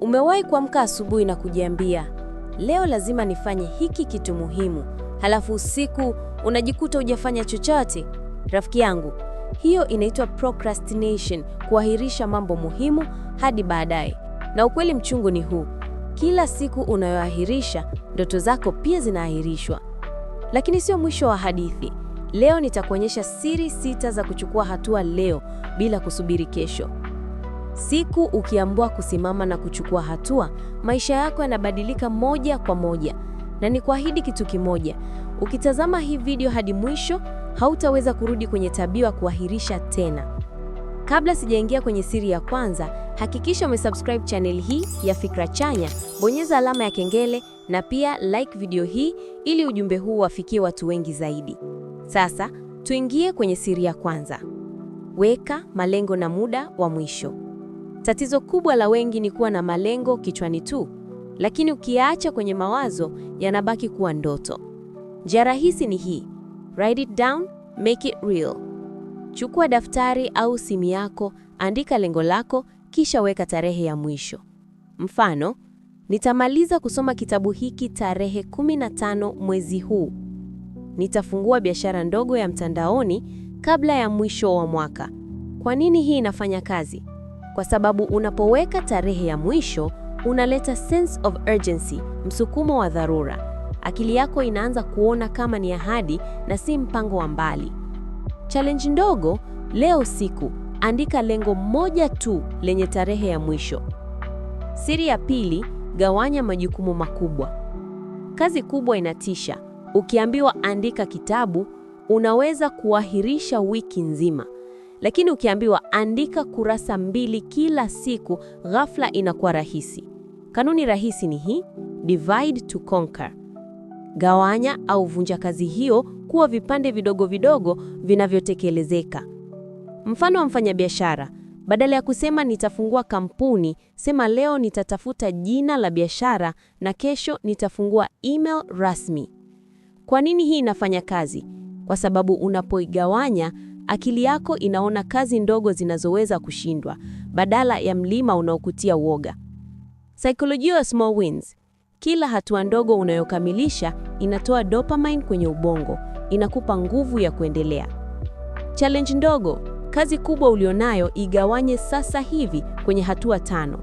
Umewahi kuamka asubuhi na kujiambia, leo lazima nifanye hiki kitu muhimu, halafu usiku unajikuta hujafanya chochote? Rafiki yangu, hiyo inaitwa procrastination, kuahirisha mambo muhimu hadi baadaye. Na ukweli mchungu ni huu: kila siku unayoahirisha, ndoto zako pia zinaahirishwa. Lakini sio mwisho wa hadithi. Leo nitakuonyesha siri sita za kuchukua hatua leo bila kusubiri kesho. Siku ukiambua kusimama na kuchukua hatua, maisha yako yanabadilika moja kwa moja. Na nikuahidi kitu kimoja, ukitazama hii video hadi mwisho, hautaweza kurudi kwenye tabia ya kuahirisha tena. Kabla sijaingia kwenye siri ya kwanza, hakikisha umesubscribe channel hii ya Fikra Chanya, bonyeza alama ya kengele na pia like video hii ili ujumbe huu wafikie watu wengi zaidi. Sasa tuingie kwenye siri ya kwanza. Weka malengo na muda wa mwisho. Tatizo kubwa la wengi ni kuwa na malengo kichwani tu, lakini ukiyaacha kwenye mawazo yanabaki kuwa ndoto. Njia rahisi ni hii: write it down, make it real. Chukua daftari au simu yako, andika lengo lako, kisha weka tarehe ya mwisho. Mfano, nitamaliza kusoma kitabu hiki tarehe 15 mwezi huu. Nitafungua biashara ndogo ya mtandaoni kabla ya mwisho wa mwaka. Kwa nini hii inafanya kazi? kwa sababu unapoweka tarehe ya mwisho unaleta sense of urgency, msukumo wa dharura. Akili yako inaanza kuona kama ni ahadi na si mpango wa mbali. Challenge ndogo leo siku andika lengo moja tu lenye tarehe ya mwisho. Siri ya pili, gawanya majukumu makubwa. Kazi kubwa inatisha. Ukiambiwa andika kitabu, unaweza kuahirisha wiki nzima. Lakini ukiambiwa andika kurasa mbili kila siku, ghafla inakuwa rahisi. Kanuni rahisi ni hii, divide to conquer. Gawanya au vunja kazi hiyo kuwa vipande vidogo vidogo vinavyotekelezeka. Mfano wa mfanyabiashara, badala ya kusema nitafungua kampuni, sema leo nitatafuta jina la biashara na kesho nitafungua email rasmi. Kwa nini hii inafanya kazi? Kwa sababu unapoigawanya Akili yako inaona kazi ndogo zinazoweza kushindwa badala ya mlima unaokutia uoga. Saikolojia ya small wins. Kila hatua ndogo unayokamilisha inatoa dopamine kwenye ubongo, inakupa nguvu ya kuendelea. Challenge ndogo, kazi kubwa ulionayo igawanye sasa hivi kwenye hatua tano.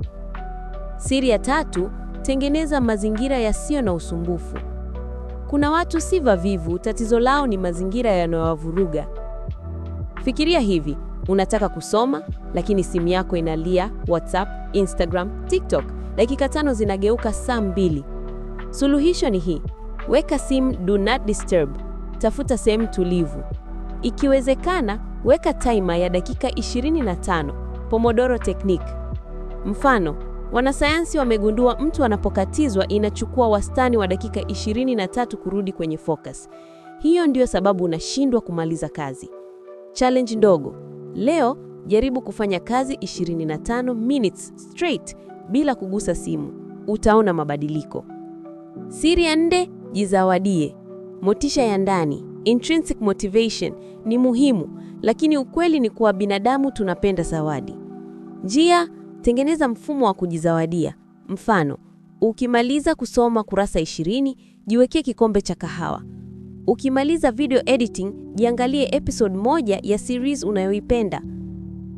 Siri ya tatu, tengeneza mazingira yasiyo na usumbufu. Kuna watu si vavivu tatizo lao ni mazingira yanayowavuruga. Fikiria hivi, unataka kusoma lakini simu yako inalia, WhatsApp, Instagram, TikTok. Dakika tano zinageuka saa mbili. Suluhisho ni hii: weka simu do not disturb, tafuta sehemu tulivu. Ikiwezekana weka taima ya dakika 25, Pomodoro technique. Mfano, wanasayansi wamegundua mtu anapokatizwa inachukua wastani wa dakika 23 kurudi kwenye focus. Hiyo ndiyo sababu unashindwa kumaliza kazi. Challenge ndogo leo, jaribu kufanya kazi 25 minutes straight bila kugusa simu, utaona mabadiliko. Siri ya nne, jizawadie. Motisha ya ndani, intrinsic motivation, ni muhimu, lakini ukweli ni kuwa binadamu tunapenda zawadi. Njia, tengeneza mfumo wa kujizawadia. Mfano, ukimaliza kusoma kurasa 20, jiwekee kikombe cha kahawa. Ukimaliza video editing, jiangalie episode moja ya series unayoipenda.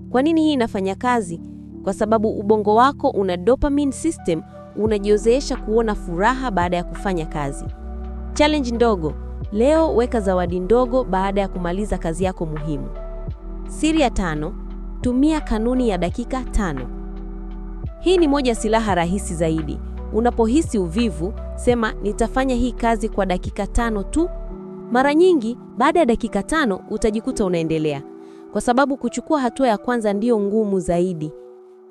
Kwa nini hii inafanya kazi? Kwa sababu ubongo wako una dopamine system, unajiozeesha kuona furaha baada ya kufanya kazi. Challenge ndogo leo, weka zawadi ndogo baada ya kumaliza kazi yako muhimu. Siri ya tano, tumia kanuni ya dakika tano. Hii ni moja silaha rahisi zaidi. Unapohisi uvivu, sema nitafanya hii kazi kwa dakika tano tu mara nyingi baada ya dakika tano utajikuta unaendelea, kwa sababu kuchukua hatua ya kwanza ndiyo ngumu zaidi.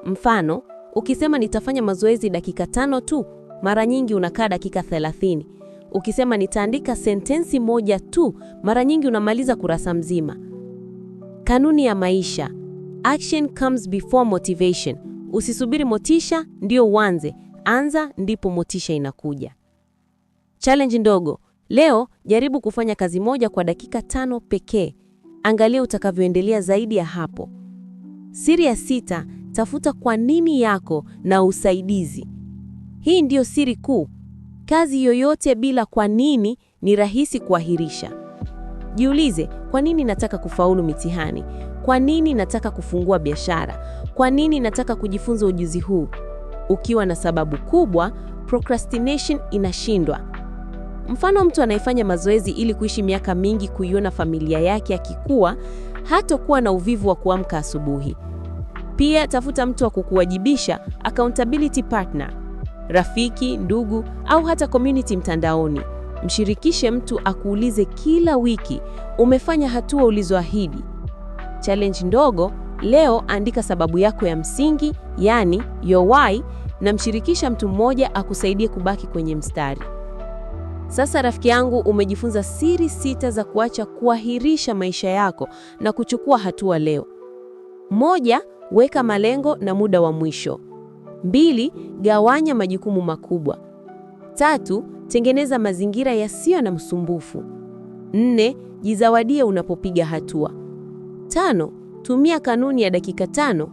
Mfano, ukisema nitafanya mazoezi dakika tano tu, mara nyingi unakaa dakika thelathini. Ukisema nitaandika sentensi moja tu, mara nyingi unamaliza kurasa mzima. Kanuni ya maisha: action comes before motivation. Usisubiri motisha ndio uanze, anza ndipo motisha inakuja. Challenge ndogo. Leo jaribu kufanya kazi moja kwa dakika tano pekee. Angalia utakavyoendelea zaidi ya hapo. Siri ya sita, tafuta kwa nini yako na usaidizi. Hii ndiyo siri kuu. Kazi yoyote bila kwa nini ni rahisi kuahirisha. Jiulize, kwa nini nataka kufaulu mitihani? Kwa nini nataka kufungua biashara? Kwa nini nataka kujifunza ujuzi huu? Ukiwa na sababu kubwa, procrastination inashindwa. Mfano, mtu anayefanya mazoezi ili kuishi miaka mingi kuiona familia yake akikua, hatakuwa na uvivu wa kuamka asubuhi. Pia tafuta mtu wa kukuwajibisha, accountability partner, rafiki, ndugu au hata community mtandaoni. Mshirikishe mtu akuulize kila wiki, umefanya hatua ulizoahidi. Challenge ndogo leo, andika sababu yako ya msingi, yani your why, na mshirikisha mtu mmoja akusaidie kubaki kwenye mstari. Sasa rafiki yangu, umejifunza siri sita za kuacha kuahirisha maisha yako na kuchukua hatua leo. Moja, weka malengo na muda wa mwisho. Mbili, gawanya majukumu makubwa. Tatu, tengeneza mazingira yasiyo na msumbufu. Nne, jizawadie unapopiga hatua. Tano, tumia kanuni ya dakika tano.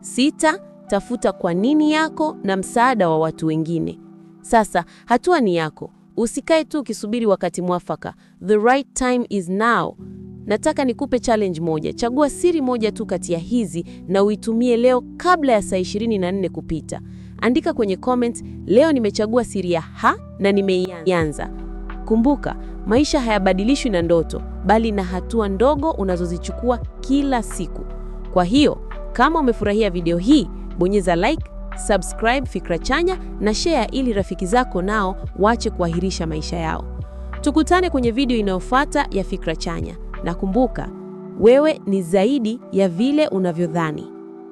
Sita, tafuta kwa nini yako na msaada wa watu wengine. Sasa hatua ni yako. Usikae tu ukisubiri wakati mwafaka. The right time is now. Nataka nikupe challenge moja. Chagua siri moja tu kati ya hizi na uitumie leo kabla ya saa 24 kupita. Andika kwenye comment, leo nimechagua siri ya ha na nimeianza. Kumbuka, maisha hayabadilishwi na ndoto, bali na hatua ndogo unazozichukua kila siku. Kwa hiyo, kama umefurahia video hii, bonyeza like subscribe Fikra Chanya na share ili rafiki zako nao wache kuahirisha maisha yao. Tukutane kwenye video inayofuata ya Fikra Chanya, na kumbuka, wewe ni zaidi ya vile unavyodhani.